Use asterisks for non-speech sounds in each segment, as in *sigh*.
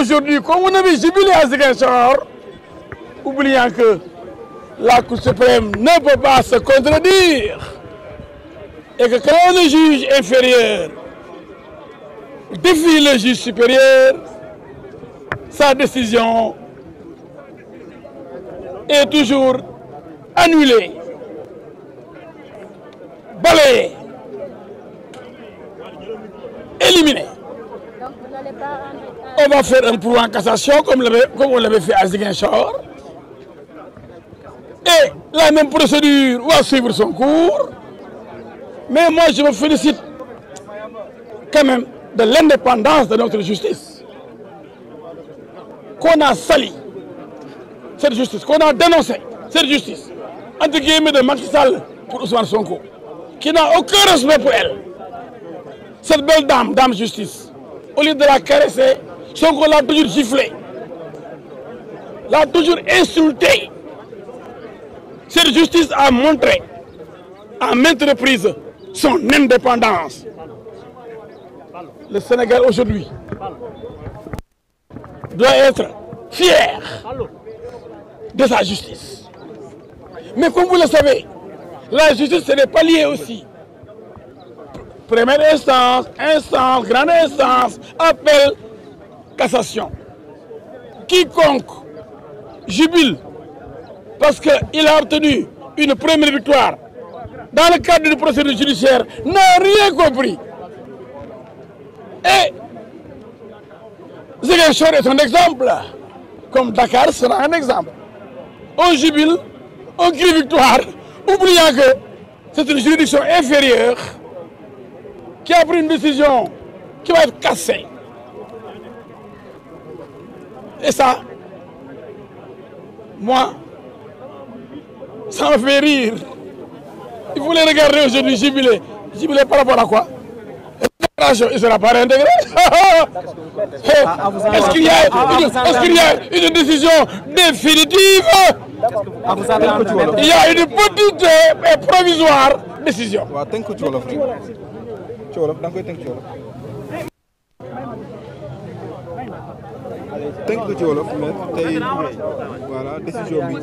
aujourd'hui, comme on avait jubilé à Ziguinchor, oubliant que la Cour suprême ne peut pas se contredire et que quand le juge inférieur défie le juge supérieur, sa décision est toujours annulée. faire un pouvoir en cassation comme, on l'avait fait à Ziguinchor. Et la même procédure va suivre son cours. Mais moi, je me félicite quand même de l'indépendance de notre justice. Qu'on a sali cette justice, qu'on a dénoncé cette justice, entre guillemets de Macky pour Ousmane Sonko, qui n'a aucun respect pour elle. Cette belle dame, dame justice, au lieu de la caresser, Sonko l'a toujours giflé, l'a toujours insulté. Cette justice a montré à maintes reprises son indépendance. Le Sénégal aujourd'hui doit être fier de sa justice. Mais comme vous le savez, la justice, n'est pas liée aussi. Première instance, instance, grande instance, appel, cassation. Quiconque jubile parce qu'il a obtenu une première victoire dans le cadre du procédure judiciaire n'a rien compris. Et est un exemple, comme Dakar sera un exemple. On jubile, on crie victoire, oubliant que c'est une juridiction inférieure qui a pris une décision qui va être cassée. Et ça, moi, ça me fait rire. Il voulait regarder aujourd'hui jubilé. Jubilé par rapport à quoi il ne sera pas réintégré *laughs* eh, ah, Est-ce qu'il y, y, a une décision définitive ah, Il y a une petite et euh, provisoire décision. tënk ko ci wolof mais tey voilà décision bi.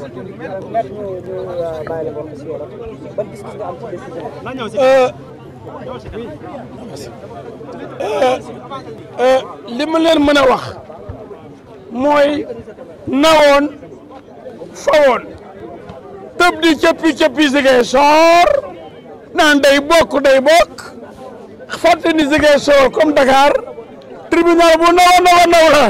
Euh, euh, li ma leen mën a wax mooy nawoon fawoon tëb di cëppi cëppi Ziguinchor naan day bokk day bokk fàtte ni Ziguinchor comme Dakar tribunal bu nawa nawa naw la.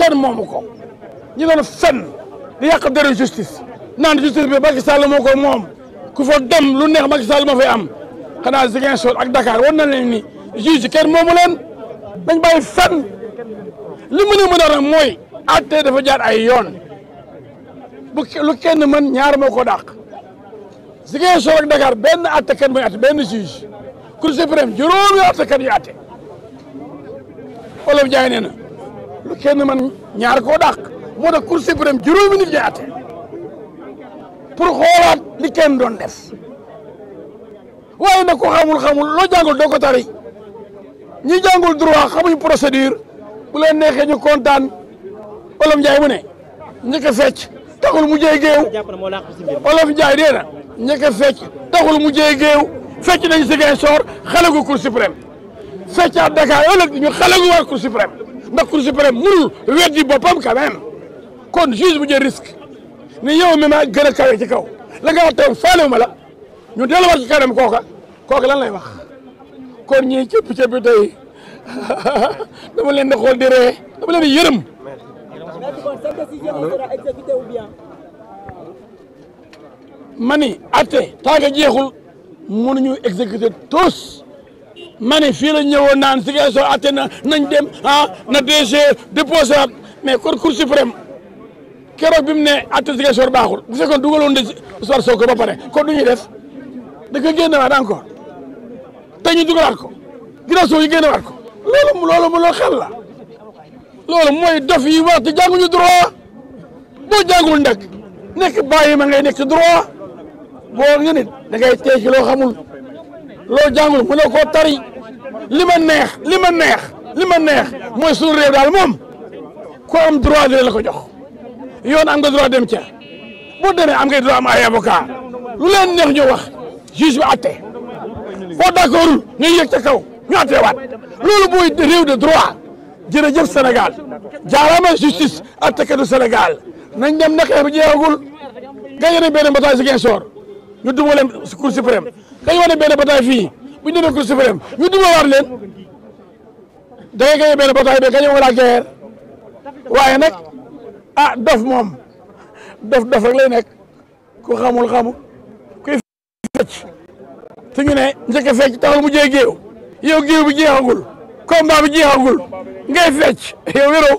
kenn moomu ko ñi doon fenn di yàq dëru justice naan justice bi Macky Sall moo ko moom ku fa dem lu neex Macky sal ma fay am xanaa Ziguinchor ak Dakar war na leen ni juge kenn moomu leen dañ bàyyi fenn li mu ne mën a mooy atte jaar ay yoon bu lu kenn mën ñaar moo ko dàq Ziguinchor ak Dakar benn atte kenn mooy atte benn juge Cour suprême juróomi atte kenn yu olof jaay nee lu kenn man ñaar ko dàq moo tax cour suprême juróomi nit ñuy àtte pour xoolaat li kenn doon def waaye nag ko xamul-xamul loo jàngul doo ko tari ñi jàngul droit xamuñ procédure bu leen neexee ñu kontaan olof Njaay mu ne ñi ko fecc taxul mu jëy géew olof Njaay dee na ñi ko fecc taxul mu jëy géew fecc nañ Ziguinchor xale gu cour suprême feccaat Dakar ëllëg ñu xale gu waa cour suprême ndax Cour suprême mënul weddi boppam quand kon juge bu jël risque ni yow mi maa gën a kawe ci kaw la nga wax tey faalewu ma la ñu delluwaat ci kanam kooka kooka lan lay wax kon ñii cëpp cëpp tey *laughs* dama leen di xool di ree dama leen di yërëm. mani atte tant que jeexul mënuñu exécuter tous. ma ne fii la ñëwoon naan si ngay soog na nañ dem ah na DG déposé waat mais kon cour suprême keroog bi mu ne atte si ngay soog baaxul bu fekkoon dugaloon de histoire Sonko ba pare ko du def da ko génne waat encore te ñu dugalaat ko ginnaaw soo ñu génne waat ko loolu loolu loolu xel la loolu mooy dof yi wax te jànguñu droit boo jàngul nag nekk bàyyi ma ngay nekk droit boo nga nit da ngay loo ci loo xamul loo jàngul mënoo koo tari. li ma neex li ma neex li ma neex mooy suñu réew daal moom ku am droit dina la ko jox yoon am nga droit dem ca boo demee am ngay droit am ay avocat lu leen neex ñu wax juge bi atte boo d'accordul ñu yëg ca kaw ñu atteewaat loolu mooy réew de droit jërëjëf Sénégal jaaraama justice attekatu Sénégal nañ dem naqare bi jeexagul gañe nañ benn bataille si Ziguinchor ñu duma leen cour suprême gañe woon nañ benn bataille bu ñu demee ko suprême ñu dumawaat leen da ngay gañe benn bataay bi gañe wala guerre waaye nag ah dof moom dof dof rek lay nekk ku xamul xamul kuy fecc te ñu ne njëkk a taxul mu jee géew yow géew bi jeexagul combat bi jeexagul ngay fecc yow wéroo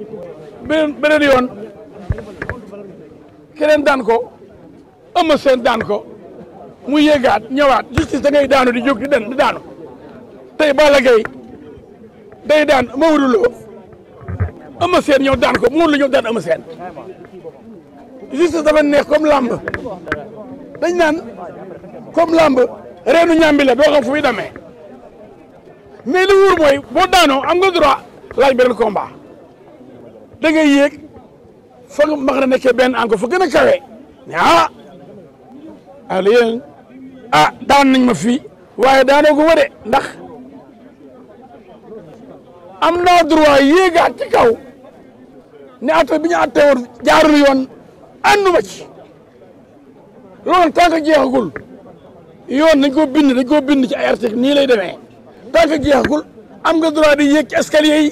beneen beneen yoon keneen daan ko ëmma seen daan ko mu yéegaat ñëwaat justice da ngay daanu di jóg di den di daanu tey Balla Gaye day daan Modou Lo ëmma seen ñëw daan ko Modou Lo ñëw daan ëmma seen ta dafa neex comme làmb dañ naan comme làmb reenu ñàmbi doo xam fu muy demee li wóor mooy boo daanoo am nga droit laaj beneen combat da yéeg fa nga max na nekkee benn encore fa gën a kawe mais ah ah yéen ah daan nañ ma fii waaye daanoo ko wëde ndax am naa droit yéegaat ci kaw ne atte bi ñu atte woon jaarul yoon àndu ma ci loolu tant que jeexagul yoon dañ koo bind dañ koo bind ci ay article nii lay demee tant que jeexagul am nga droit di yéeg ci escalier yi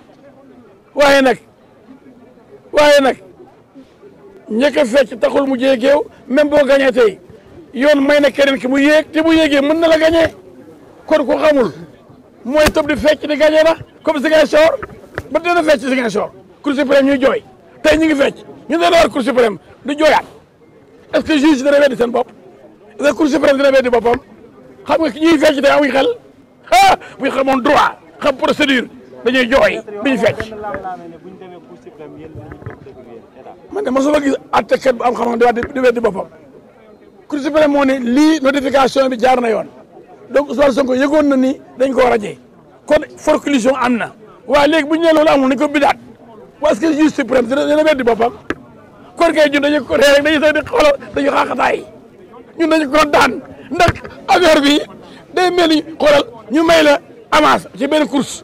waaye nag waaye nag njëkk a fecc taxul mu jéegeew même boo gañee tey yoon may na keneen ki mu yéeg te mu yéegee mën na la gañee kon ko xamul mooy tëb di fecc di gañee na comme Ziguinchor ba dina fecc Ziguinchor Cour suprême ñuy jooy tey ñu ngi fecc ñu dana war Cour suprême du jooyaat est-ce que juge dina seen bopp est-ce que Cour suprême dina boppam xam nga ki ñuy fecc tey amuñ xel ah bu ñu xamoon droit xam procédure dañuy jooy duñu fecc ma de mosuma gis àttekat bu am xam di wax di boppam Cour suprême moo ne lii notification bi jaar na yoon donc Ousmane Sonko yëgoon na ni dañ koo rajee kon forclusion am na waaye léegi bu ñu nee loolu amul nañ ko bidaat parce que juge suprême dina weddi boppam da kay ñun dañu ko ree rek dañu sax di xoolal dañu xaaxataay ñun dañu ko daan ndax affaire bi day mel ni xoolal ñu may la avance ci benn course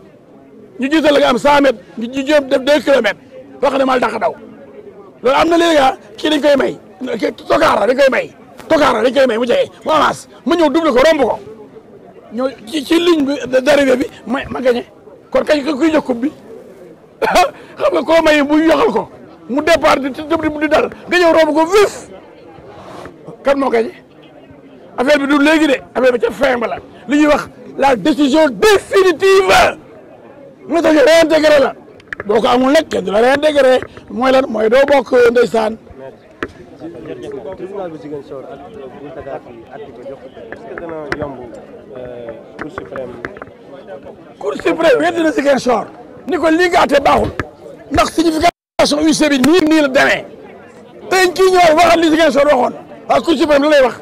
ñu jiital la nga am 100 mètres ñu ji jéem def 2 kilomètres loo ne mal dàq daw loolu am na léegi ah kii dañ koy may tokaar la dañ may tokaar la dañ koy may mu jege mu avance mu ñëw double ko romb ko ñëw ci ci ligne bi ma ma gagné kon kañ kuy jox coupe bi *laughs* xam nga koo may bu yoxal ko mu départ di di dal nga ñëw romb ko vif kan moo gagné affaire bi du léegi de affaire bi ca fin ba la li ñuy wax la décision définitive mu tax réintégré la boo ko amul nag kenn du la réintégré mooy lan mooy doo bokk ndeysaan. tribunal bu Ziguinchor ak bu Dakar bi àtte ko jox est-ce que dana yomb cour suprême. cour suprême weddi na Ziguinchor ni ko lii nga àtte baaxul ndax signification UC bi nii nii la demee tey kii ñëwaat waxal li Ziguinchor waxoon waaw cour suprême la lay wax.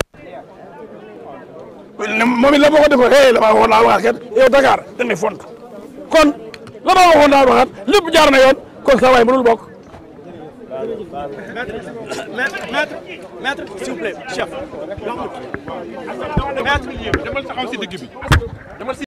moom it la ma ko defee hey la ma waxoon laa waxaat kat yow Dakar dañ lay font kon. la ma waxoon daal waxaat lépp jaar na yoon kon saa waay mënul bokk. maître maître maître s'il vous plaît chef. maître demal taxaw si digg bi.